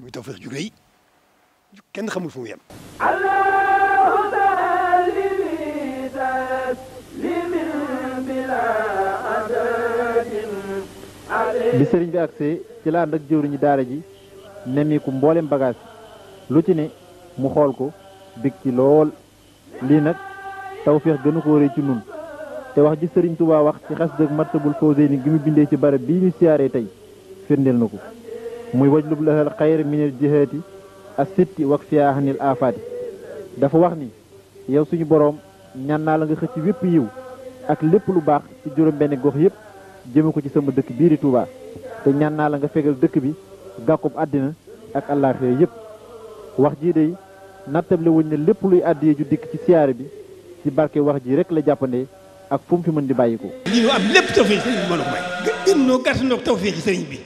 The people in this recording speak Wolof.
muy Tawfekh ju rëy kenn xamul fu mu yem. bi sëriñ bi agsee ci la ànd jëwriñu daara ji nemiku mboolem bagage lu ci ne mu xool ko big ci lool lii nag Tawfekh gënu ko rëy ci nun te wax ji sëriñ Tuubaa wax ci xas dëgg Matlabul Fawzayni gi mu bindee ci barab bii ñu siyaaree tey firndeel na ko muy wajlub lahal xayr minal jihaati as sitti wak fiyahanil afaati dafa wax ni yow suñu boroom ñaan naa la nga xëcc wépp yiw ak lépp lu baax ci juróom benn gox yépp jëme ko ci sama dëkk bii di Touba te ñaan naa la nga fegal dëkk bi gàkkub àddina ak àllaaxira yépp wax jii dey nattable wuñ ne lépp luy àddiyee ju dikk ci siyaare bi ci barke wax ji rek la jàppande ak fu fi mën di bàyyi ko. lii ñu am lépp tawfeex sëriñ bi sëriñ bi.